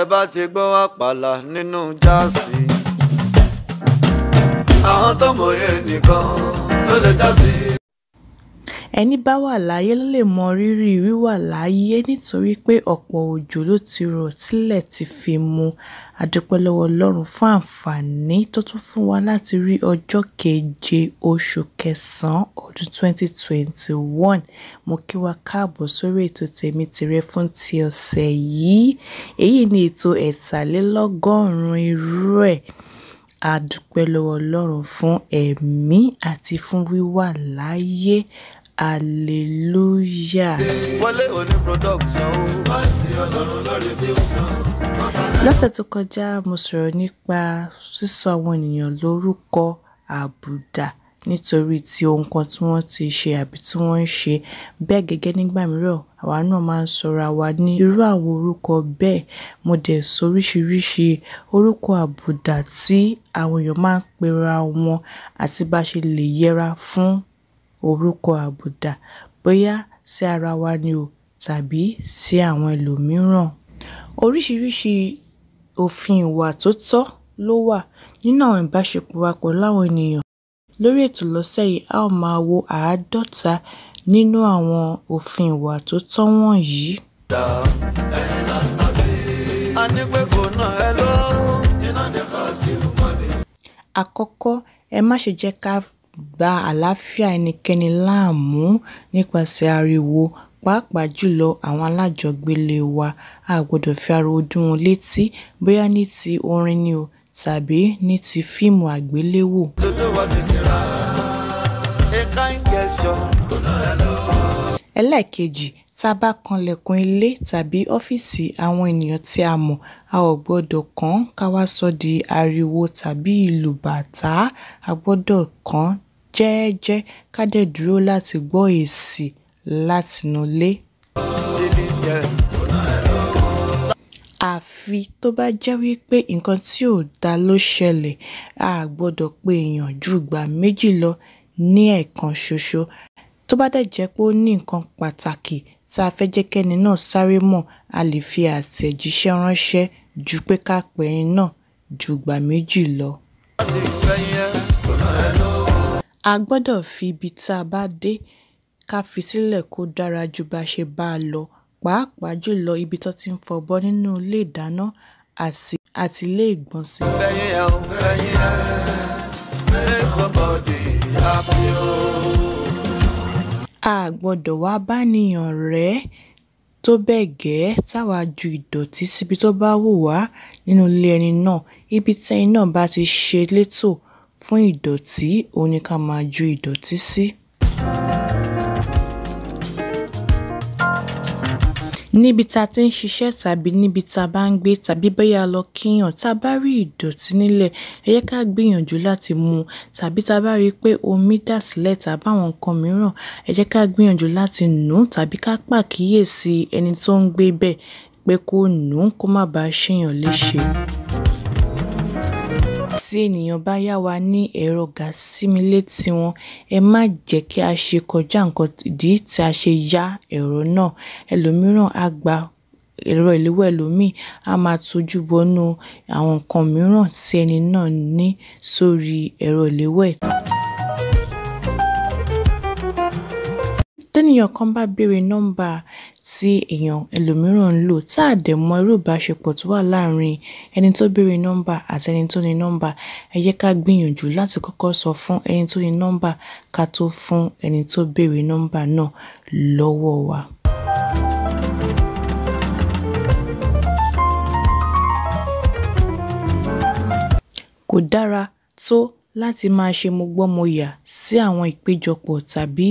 tẹ bá ti gbọ́ àpàlà nínú jáàsì. àwọn tó mòye nìkan ló lè já Ẹni bá wà láyé ló lè mọ rírì wíwà láyé nítorí pé ọ̀pọ̀ òjò ló ti rọ̀ tílẹ̀ ti fi mú. A Ọlọ́run fún àǹfààní tó tún fún wa láti rí ọjọ́ keje oṣù kẹsàn-án ọdún 2021. Mo kí wa káàbọ̀ sórí ètò Tèmi Tìrẹ fún ti ọ̀sẹ̀ yìí. Èyí ni ètò ẹ̀tàlélọ́gọ́rùn-ún irú ẹ̀. A dúpẹ́ lọ́wọ́ Ọlọ́run fún ẹ̀mí àti fún wíwà láyé hallelujah. wọlé òní production o báyìí ọlọ́run lórí fíwùsàn. lọ́sẹ̀ tó kọjá mo sọ̀rọ̀ nípa sísọ àwọn ènìyàn lórúkọ àbùdá nítorí ti ohun kan tí wọ́n ti ṣe àbí tí wọ́n ń ṣe bẹ́ẹ̀ gẹ́gẹ́ nígbà mìíràn àwa náà máa ń sọra wa ní irú àwọn orúkọ bẹ́ẹ̀ mo dẹ̀ sọ oríṣiríṣi orúkọ àbùdá tí àwọn èèyàn máa ń pera wọn àti bá a ṣe lè yẹra fún orúkọ àbùdá bóyá sí ara wa ni o tàbí sí àwọn ẹlòmíràn. Oríṣiríṣi òfin ìwà tó tọ́ ló wà nínú àwọn ìbáṣepọ̀ wa pẹ̀lú àwọn ènìyàn. Lórí ètò lọ́sẹ̀ yìí, a ó máa wo àádọ́ta nínú àwọn òfin ìwà tó tọ́ wọ̀nyí. Àkọ́kọ́, ẹ má ṣe jẹ́ ká da àlàáfíà ẹnikẹ́ni láàmú nípasẹ̀ ariwo pàápàá jùlọ àwọn alájọgbélé wa. A gbọdọ̀ fi ariwo dún wọn létí bóyá ní ti orin ni o tàbí ní ti fíìmù àgbéléwò. Ẹlẹ́ẹ̀kejì, tí a bá kanlẹ̀kùn ilé tàbí ọ́fíìsì àwọn ènìyàn tí a mọ̀, a ò gbọdọ̀ kàn ká wá sọ di ariwo tàbí ìlù bàtá. A gbọdọ̀ kàn jẹ́ẹ́jẹ́ ká dẹ̀ dúró láti gbọ́ èsì látinúlé. àfi tó bá jẹ́ wípé nǹkan tí ò dáa ló ṣẹlẹ̀ a gbọ́dọ̀ pé èèyàn ju ìgbà méjì lọ ní ẹ̀ẹ̀kan ṣoṣo tó bá dẹ̀ jẹ́ pé ó ní nǹkan pàtàkì tá a fẹ́ jẹ́ kẹ́ni náà sáré mọ̀ a lè fi àtẹ̀jíṣẹ́ ránṣẹ́ ju pé ká pe náà ju ìgbà méjì lọ a gbọ́dọ̀ fi ibi tá a bá dé ká fi sílẹ̀ kó dára ju bá a ṣe bá a lọ pàápàá jù lọ ibi tó ti ń fọbọ́ nínú iléedáná àti iléègbọ̀nsẹ̀. fẹ̀yìn ẹ̀ ò fẹ̀yìn ẹ̀ a gbọ́dọ̀ wá bániyàn rẹ̀ tó bẹ́ẹ̀ gẹ́ táwa ju ìdọ̀tí síbi tó bá wù wá nínú ilé ẹni náà ibi tẹ́yin náà bá ti ṣe létò fún ìdọ̀tí òun ni ká máa ju ìdọ̀tí sí. Níbi tá a ti ń ṣiṣẹ́ tàbí níbi tá a bá ń gbé tàbí bóyá a lọ kíyàn, tá a bá rí ìdọ̀tí nílẹ̀, ẹ jẹ́ ká gbìyànjú láti mú un tàbí tá a bá rí pé omi dà sílẹ̀ tàbí àwọn nǹkan mìíràn, ẹ ká gbìyànjú láti nù ú tàbí ká pàkíyèsí ẹni tó ń gbé bẹ́ẹ̀ pé kó nù ú kó má baà ṣèyàn léṣe tí ènìyàn bá yá wa ní ẹ̀rọ gàsímílétí wọn, ẹ má jẹ́ kí á ṣe kọjá nǹkan ìdí tí a ṣe yá ẹ̀rọ náà. Ẹlòmíràn á gba ẹ̀rọ ìléwọ́ ẹlòmíì, a máa tojú bọnu àwọn nǹkan mìíràn tí ẹni náà ní sórí ẹ̀rọ ìléwọ́ ẹ̀. Tẹ́níyàn kan bá béèrè nọ́mbà tí èèyàn ẹlòmíràn ń lò tá a dẹ̀ mọ irú ìbáṣepọ̀ tó wà láàárín ẹni tó béèrè nọ́mbà àti ẹni tó ní nọ́mbà, ẹ jẹ́ ká gbìyànjú láti kọ́kọ́ sọ fún ẹni tó ní nọ́mbà ká tó fún ẹni tó béèrè nọ́mbà náà lọ́wọ́ wa. Kò dára tó láti máa ṣe mọ̀gbọ́mọyà sí àwọn ìpéjọpọ̀ tàbí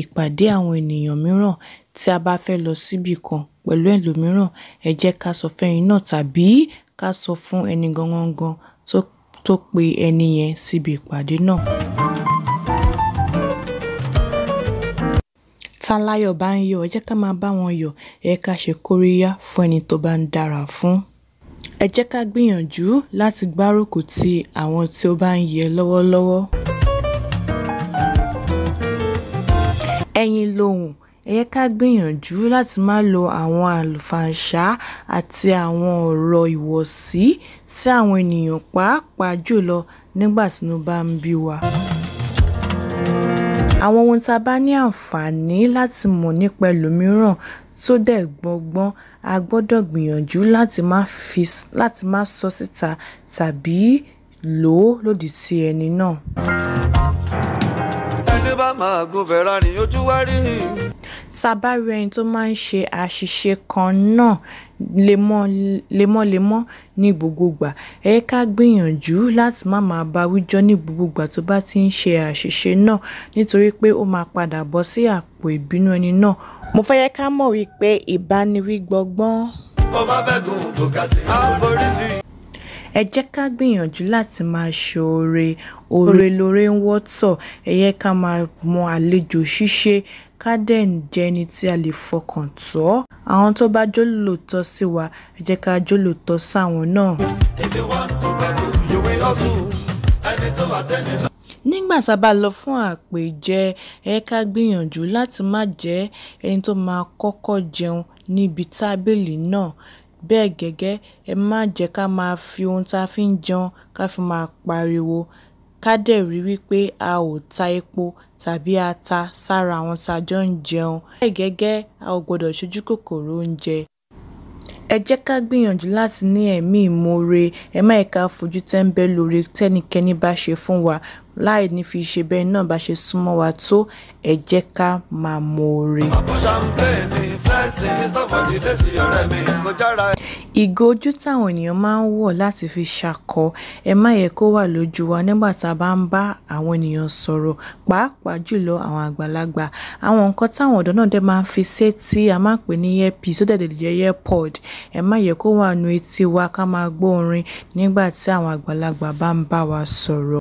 ìpàdé àwọn ènìyàn mìíràn tí a bá fẹ́ lọ síbì kan pẹ̀lú ẹlòmíràn, ẹ jẹ́ ká sọ fún ẹni náà tàbí ká sọ fún ẹni gangan tó pe ẹni yẹn síbi ìpàdé náà. Táláyọ̀ bá ń yọ̀, ẹ jẹ́ ká máa bá wọn yọ̀, ẹ jẹ́ ká ṣe kóríyá fún ẹni tó bá ń dára fún. Ẹ jẹ́ ká gbìyànjú láti gbárùkù ti àwọn tí ó bá ń yẹ lọ́wọ́lọ́wọ́. Ẹyin lohùn, ẹ jẹ́ ká gbìyànjú láti máa lo àwọn àlùfànṣá àti àwọn ọ̀rọ̀ ìwọ̀sí sí àwọn ènìyàn pàápàá jùlọ nígbà tínú bá ń bí wa. Àwọn ohun tá a bá ní àǹfààní láti mọ̀ nípa ẹlòmíràn tó dẹ̀ gbọ́gbọ́n, a gbọ́dọ̀ gbìyànjú láti má sọ síta tàbí lò ó lòdì sí ẹni náà. Ẹni bá máa gun Ferrari ojú á rí tá a bá rí ẹni tó máa ń ṣe àṣìṣe kan náà lemọ́lemọ́ ní gbogbo ìgbà ẹ jẹ́ ká gbìyànjú láti má máa bá a wíjọ́ ní gbogbo ìgbà tó bá ti ń ṣe àṣìṣe náà nítorí pé ó máa padà bọ́ sí àpò ìbínú ẹni náà. mo fẹ́ yẹ ká mọ̀ wípé ìbániwígbọgbọ́n. bó bá fẹ́ gun bùkátì àforítì ẹ jẹ́ ká gbìyànjú láti máa ṣe oore oore lóore ń wọ́tọ̀ ẹ yẹ ká máa mọ àlejò ṣíṣe Cardin jẹ́ ẹni tí a lè fọkàn tán, àwọn tó bá jólóòtọ́ sí wa, ẹ jẹ́ ká jólóòtọ́ sáwọn náà. Nígbà tá a bá lọ fún àpèjẹ, ẹ jẹ́ ká gbìyànjú láti má jẹ́ ẹni tó máa kọ́kọ́ jẹun níbi tábìlì náà, bẹ́ẹ̀ gẹ́gẹ́ ẹ má jẹ́ ká máa fi ohun tá a fi ń jẹun ká fi máa pariwo ká dẹ̀ rí wípé a ò ta epo tàbí ata sára àwọn tá a jọ ń jẹun, bẹ́ẹ̀ gẹ́gẹ́ a ò gbọdọ̀ sojúkòkòrò oúnjẹ. Ẹ jẹ́ ká gbìyànjú láti ní ẹ̀mí ìmoore, ẹ má jẹ̀ ká fojú tẹ́ńbẹ́lú oore tẹ́nikẹ́ni bá ṣe fún wa láì ní fi ṣe bẹ́nìkan bá ṣe súnmọ́ wa tó, ẹ jẹ́ ká máa moore. Ìgò ojú táwọn èèyàn máa ń wọ̀ láti fi ṣákọ ẹ má yẹ kó wà lójú wa nígbà tá a bá ń bá àwọn ènìyàn sọ̀rọ̀, pàápàá jùlọ àwọn àgbàlagbà. Àwọn nǹkan táwọn ọ̀dọ́ náà dẹ̀ máa ń fi sétí a máa ń pè ní earpiece, ó dẹ̀ lè jẹ́ earpod. Ẹ má yẹ kó wà nínú etí wa ká máa gbọ́ orin nígbà tí àwọn àgbàlagbà bá ń bá wa sọ̀rọ̀.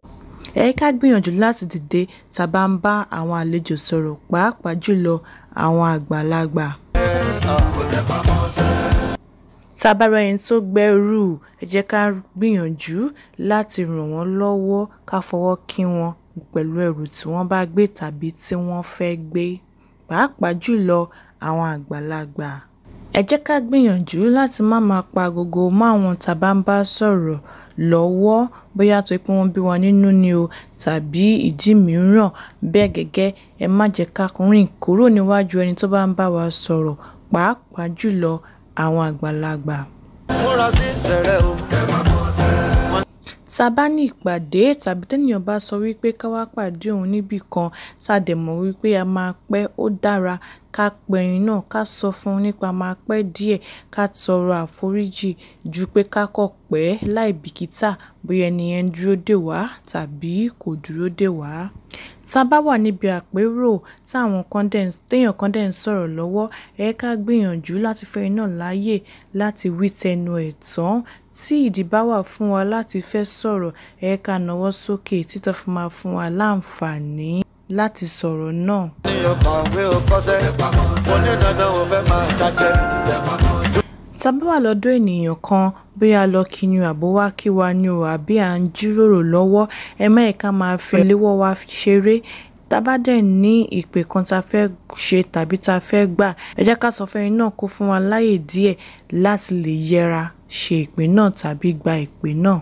Ẹ ká gbìyànjú láti dìde tá a bá ń bá àwọn àlejò sọ̀rọ̀, pàápàá jùlọ àwọn àgbàlagbà tá a bá rí ẹni tó gbẹ́rù ẹ̀ jẹ́ ká gbìyànjú láti ràn wọ́n lọ́wọ́ ká fọwọ́ kí wọn pẹ̀lú ẹrù tí wọ́n bá gbé tàbí tí wọ́n fẹ́ gbé pàápàá jùlọ àwọn àgbàlagbà ẹ jẹ́ ká gbìyànjú láti má máa pa agogo máwọn tá a bá ń bá sọ̀rọ̀ lọ́wọ́ bóyá tó pé wọ́n bí wa nínú ni o tàbí ìdí mìíràn bẹ́ẹ̀ gẹ́gẹ́ ẹ má jẹ́ ká rìn kúrò níwájú ẹni tó bá ń bá wa sọ̀rọ̀ pàápàá jùlọ àwọn àgbàlagbà. múra sí ìṣẹ̀rẹ̀ o. tá a bá ní ìpàdé tàbí téèyàn bá sọ wípé ká wá pàdé òun níbì kan tá a dẹ̀ mọ̀ wípé a máa pẹ́ ó dára ká pe ẹni náà ká sọ fún un nípa máa pẹ́ díẹ̀ ká tọrọ àforíjì ju pé ká kọ̀ pẹ́ láì bìkítà bóyá ẹni yẹn dúró dè wá tàbí kò dúró dè wá tá a bá wà níbi àpérò téèyàn kan dẹ̀ ń sọ̀rọ̀ lọ́wọ́ ẹ jẹ́ ká gbìyànjú láti fún ẹni náà láàyè láti wí tẹnu ẹ̀ tán tí ìdí bá wà fún wa láti fẹ́ sọ̀rọ̀ ẹ ká nawọ́ sókè títọ́ fi máa fún wa láǹfààní láti sọ̀rọ̀ náà. Tá a bá wà lọ́dọ̀ ènìyàn kan bóyá a lọ kí i ni o àbó wá kí wa ni o àbí à ń jíròrò lọ́wọ́, ẹ má jẹ́ ká máa fi ìléwọ́ wa ṣeré. Tá a bá dẹ̀ ní ìpè kan tá a fẹ́ ṣe tàbí tá a fẹ́ gbà, ẹ jẹ́ ká sọ fún ẹni náà kó fún wa láyè díẹ̀ láti lè yẹra ṣe ìpè náà tàbí gba ìpè náà.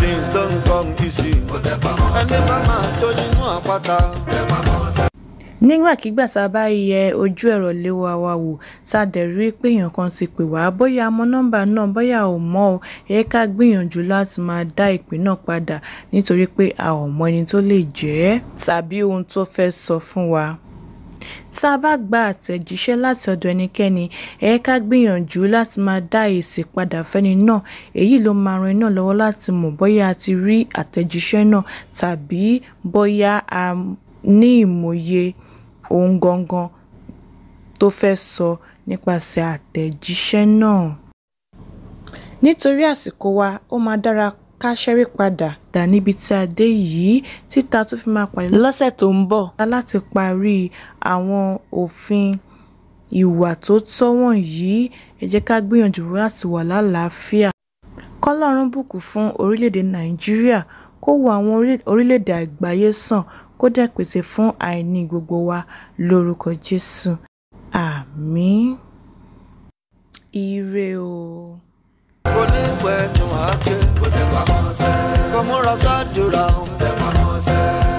Things don't come easy. Ẹni bá máa jó nínú àpáta. Nígbàkigbà tá a bá yẹ ojú ẹ̀rọ ìléwọ́ wa wò tá a dẹ̀ ríi pé èèyàn kan ti pè wá, bóyá a mọ nọ́ḿbà náà bóyá a ò mọ̀ ọ́n, ẹ jẹ́ ká gbìyànjú láti máa dá ìpè náà padà nítorí pé a ò mọ ẹni tó lè jẹ́ tàbí ohun tó fẹ́ sọ fún wa. Tá a bá gba àtẹ̀jíṣẹ́ láti ọ̀dọ̀ ẹnikẹ́ni, ẹ ká gbìyànjú láti máa dá èsì padà fẹ́ni náà, èyí ló máa ran ẹni lọ́wọ́ láti mọ̀ bóyá a ti rí àtẹ̀jíṣẹ́ náà tàbí bóyá a ní ìmọ̀ye ohun gangan tó fẹ́ sọ nípasẹ̀ àtẹ̀jíṣẹ́ náà. Nítorí àsìkò wa, ó máa dára ká ṣẹ́rí padà dà níbi tí a dé yìí títa tún fi máa pàdé lọ́sẹ̀ tó ń bọ̀ láti parí àwọn òfin ìwà tó tọ́ wọ̀nyí. Ẹ jẹ́ ká gbìyànjú láti wà lálàáfíà. Kọ́lọ́run bùkún fún orílẹ̀-èdè Nàìjíríà, kó wo àwọn orílẹ̀-èdè àgbáyé sàn kó dẹ̀ pèsè fún àìní gbogbo wa lórúkọ Jésù. Àmín. Ire o. Kò ní pẹ̀lú àáké. Kò tẹ̀ pamọ́ sẹ́. Kò múra sádùrà. Kò tẹ̀ pamọ́ sẹ́.